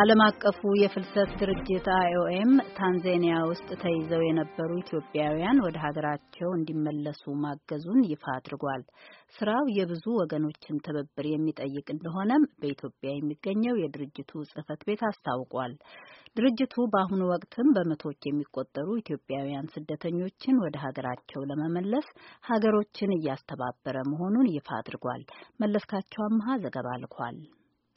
ዓለም አቀፉ የፍልሰት ድርጅት አይኦኤም ታንዛኒያ ውስጥ ተይዘው የነበሩ ኢትዮጵያውያን ወደ ሀገራቸው እንዲመለሱ ማገዙን ይፋ አድርጓል። ስራው የብዙ ወገኖችን ትብብር የሚጠይቅ እንደሆነም በኢትዮጵያ የሚገኘው የድርጅቱ ጽህፈት ቤት አስታውቋል። ድርጅቱ በአሁኑ ወቅትም በመቶዎች የሚቆጠሩ ኢትዮጵያውያን ስደተኞችን ወደ ሀገራቸው ለመመለስ ሀገሮችን እያስተባበረ መሆኑን ይፋ አድርጓል። መለስካቸው አምሃ ዘገባ ልኳል።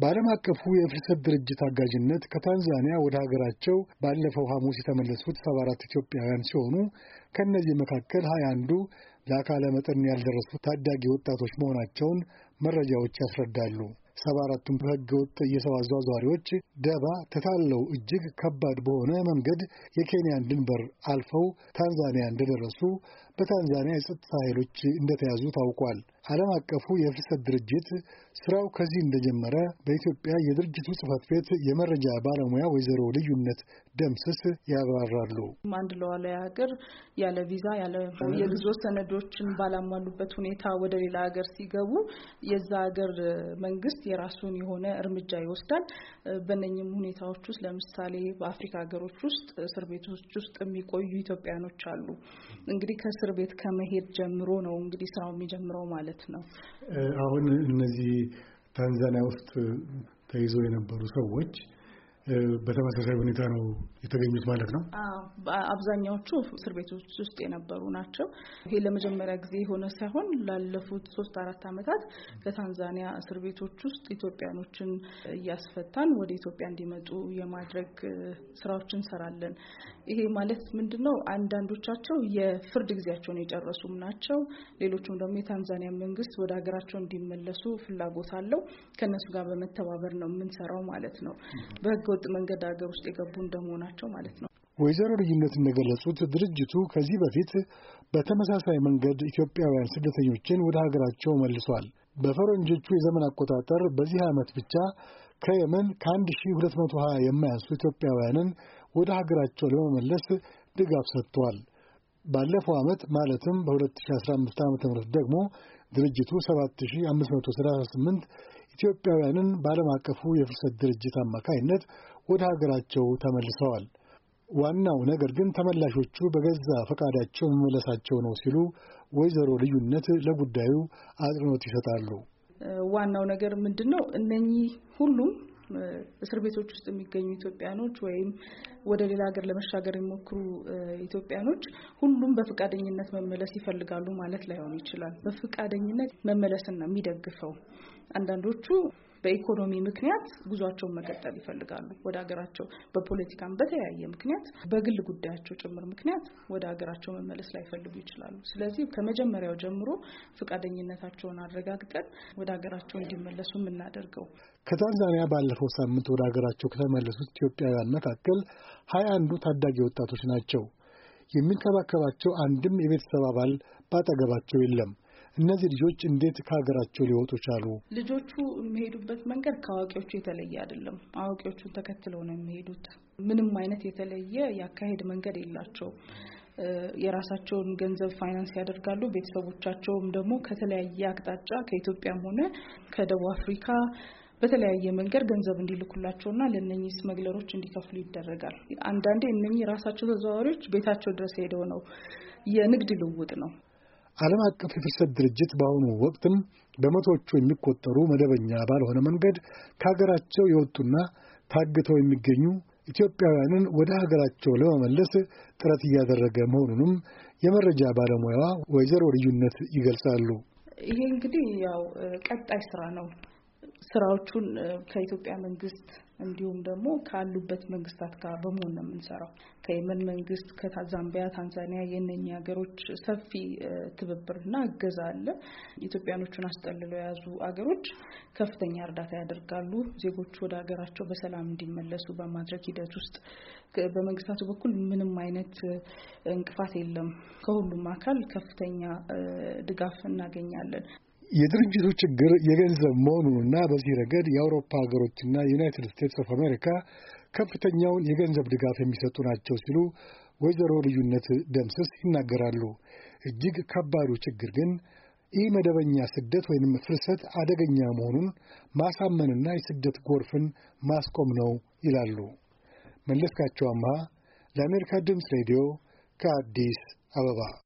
በዓለም አቀፉ የፍልሰት ድርጅት አጋዥነት ከታንዛኒያ ወደ ሀገራቸው ባለፈው ሐሙስ የተመለሱት ሰባ ኢትዮጵያውያን ሲሆኑ ከእነዚህ መካከል ሀያ አንዱ ለአካለ መጠን ያልደረሱ ታዳጊ ወጣቶች መሆናቸውን መረጃዎች ያስረዳሉ። ሰባ አራቱም በሕገ ወጥ የሰው አዟዟሪዎች ደባ ተታለው እጅግ ከባድ በሆነ መንገድ የኬንያን ድንበር አልፈው ታንዛኒያ እንደደረሱ በታንዛኒያ የጸጥታ ኃይሎች እንደተያዙ ታውቋል። ዓለም አቀፉ የፍልሰት ድርጅት ስራው ከዚህ እንደጀመረ በኢትዮጵያ የድርጅቱ ጽህፈት ቤት የመረጃ ባለሙያ ወይዘሮ ልዩነት ደምስስ ያብራራሉ። አንድ ለዋላይ ሀገር ያለ ቪዛ ያለ የጉዞ ሰነዶችን ባላሟሉበት ሁኔታ ወደ ሌላ ሀገር ሲገቡ የዛ ሀገር መንግስት የራሱን የሆነ እርምጃ ይወስዳል። በነኝም ሁኔታዎች ውስጥ ለምሳሌ በአፍሪካ ሀገሮች ውስጥ እስር ቤቶች ውስጥ የሚቆዩ ኢትዮጵያኖች አሉ። እንግዲህ ከእስር ቤት ከመሄድ ጀምሮ ነው እንግዲህ ስራው የሚጀምረው ማለት ማለት ነው። አሁን እነዚህ ታንዛኒያ ውስጥ ተይዞ የነበሩ ሰዎች በተመሳሳይ ሁኔታ ነው የተገኙት ማለት ነው። አብዛኛዎቹ እስር ቤቶች ውስጥ የነበሩ ናቸው። ይሄ ለመጀመሪያ ጊዜ የሆነ ሳይሆን ላለፉት ሶስት አራት ዓመታት ከታንዛኒያ እስር ቤቶች ውስጥ ኢትዮጵያኖችን እያስፈታን ወደ ኢትዮጵያ እንዲመጡ የማድረግ ስራዎች እንሰራለን። ይሄ ማለት ምንድን ነው? አንዳንዶቻቸው የፍርድ ጊዜያቸውን የጨረሱም ናቸው። ሌሎቹም ደግሞ የታንዛኒያ መንግስት ወደ ሀገራቸው እንዲመለሱ ፍላጎት አለው። ከእነሱ ጋር በመተባበር ነው የምንሰራው ማለት ነው። በህገ ህገወጥ መንገድ ሀገር ውስጥ የገቡ እንደመሆናቸው ማለት ነው። ወይዘሮ ልዩነት እንደገለጹት ድርጅቱ ከዚህ በፊት በተመሳሳይ መንገድ ኢትዮጵያውያን ስደተኞችን ወደ ሀገራቸው መልሷል። በፈረንጆቹ የዘመን አቆጣጠር በዚህ ዓመት ብቻ ከየመን ከ1220 የማያንሱ ኢትዮጵያውያንን ወደ ሀገራቸው ለመመለስ ድጋፍ ሰጥቷል። ባለፈው ዓመት ማለትም በ2015 ዓ ም ደግሞ ድርጅቱ 7538 ኢትዮጵያውያንን በዓለም አቀፉ የፍልሰት ድርጅት አማካይነት ወደ ሀገራቸው ተመልሰዋል። ዋናው ነገር ግን ተመላሾቹ በገዛ ፈቃዳቸው መመለሳቸው ነው ሲሉ ወይዘሮ ልዩነት ለጉዳዩ አጽንኦት ይሰጣሉ። ዋናው ነገር ምንድን ነው? እነኚህ ሁሉም እስር ቤቶች ውስጥ የሚገኙ ኢትዮጵያኖች ወይም ወደ ሌላ ሀገር ለመሻገር የሚሞክሩ ኢትዮጵያኖች ሁሉም በፈቃደኝነት መመለስ ይፈልጋሉ ማለት ላይሆን ይችላል። በፈቃደኝነት መመለስን ነው የሚደግፈው አንዳንዶቹ በኢኮኖሚ ምክንያት ጉዟቸውን መቀጠል ይፈልጋሉ። ወደ ሀገራቸው በፖለቲካም በተለያየ ምክንያት በግል ጉዳያቸው ጭምር ምክንያት ወደ ሀገራቸው መመለስ ላይፈልጉ ይችላሉ። ስለዚህ ከመጀመሪያው ጀምሮ ፈቃደኝነታቸውን አረጋግጠን ወደ ሀገራቸው እንዲመለሱ የምናደርገው። ከታንዛኒያ ባለፈው ሳምንት ወደ ሀገራቸው ከተመለሱት ኢትዮጵያውያን መካከል ሀያ አንዱ ታዳጊ ወጣቶች ናቸው። የሚንከባከባቸው አንድም የቤተሰብ አባል በአጠገባቸው የለም። እነዚህ ልጆች እንዴት ከሀገራቸው ሊወጡ ቻሉ? ልጆቹ የሚሄዱበት መንገድ ከአዋቂዎቹ የተለየ አይደለም። አዋቂዎቹን ተከትለው ነው የሚሄዱት። ምንም አይነት የተለየ የአካሄድ መንገድ የላቸውም። የራሳቸውን ገንዘብ ፋይናንስ ያደርጋሉ። ቤተሰቦቻቸውም ደግሞ ከተለያየ አቅጣጫ ከኢትዮጵያም ሆነ ከደቡብ አፍሪካ በተለያየ መንገድ ገንዘብ እንዲልኩላቸውና ለእነኚህ ስመግለሮች እንዲከፍሉ ይደረጋል። አንዳንዴ እነኚህ ራሳቸው ተዘዋዋሪዎች ቤታቸው ድረስ ሄደው ነው የንግድ ልውውጥ ነው። ዓለም አቀፍ የፍልሰት ድርጅት በአሁኑ ወቅትም በመቶዎቹ የሚቆጠሩ መደበኛ ባልሆነ መንገድ ከሀገራቸው የወጡና ታግተው የሚገኙ ኢትዮጵያውያንን ወደ ሀገራቸው ለመመለስ ጥረት እያደረገ መሆኑንም የመረጃ ባለሙያዋ ወይዘሮ ልዩነት ይገልጻሉ። ይሄ እንግዲህ ያው ቀጣይ ስራ ነው። ስራዎቹን ከኢትዮጵያ መንግስት እንዲሁም ደግሞ ካሉበት መንግስታት ጋር በመሆን ነው የምንሰራው። ከየመን መንግስት፣ ከዛምቢያ፣ ታንዛኒያ የእነኚህ ሀገሮች ሰፊ ትብብርና እገዛ አለ። ኢትዮጵያኖቹን አስጠልለው የያዙ አገሮች ከፍተኛ እርዳታ ያደርጋሉ። ዜጎቹ ወደ ሀገራቸው በሰላም እንዲመለሱ በማድረግ ሂደት ውስጥ በመንግስታቱ በኩል ምንም አይነት እንቅፋት የለም። ከሁሉም አካል ከፍተኛ ድጋፍ እናገኛለን። የድርጅቱ ችግር የገንዘብ መሆኑንና በዚህ ረገድ የአውሮፓ ሀገሮችና የዩናይትድ ስቴትስ ኦፍ አሜሪካ ከፍተኛውን የገንዘብ ድጋፍ የሚሰጡ ናቸው ሲሉ ወይዘሮ ልዩነት ደምስስ ይናገራሉ። እጅግ ከባዱ ችግር ግን ይህ መደበኛ ስደት ወይንም ፍልሰት አደገኛ መሆኑን ማሳመንና የስደት ጎርፍን ማስቆም ነው ይላሉ። መለስካቸው አምሃ ለአሜሪካ ድምፅ ሬዲዮ ከአዲስ አበባ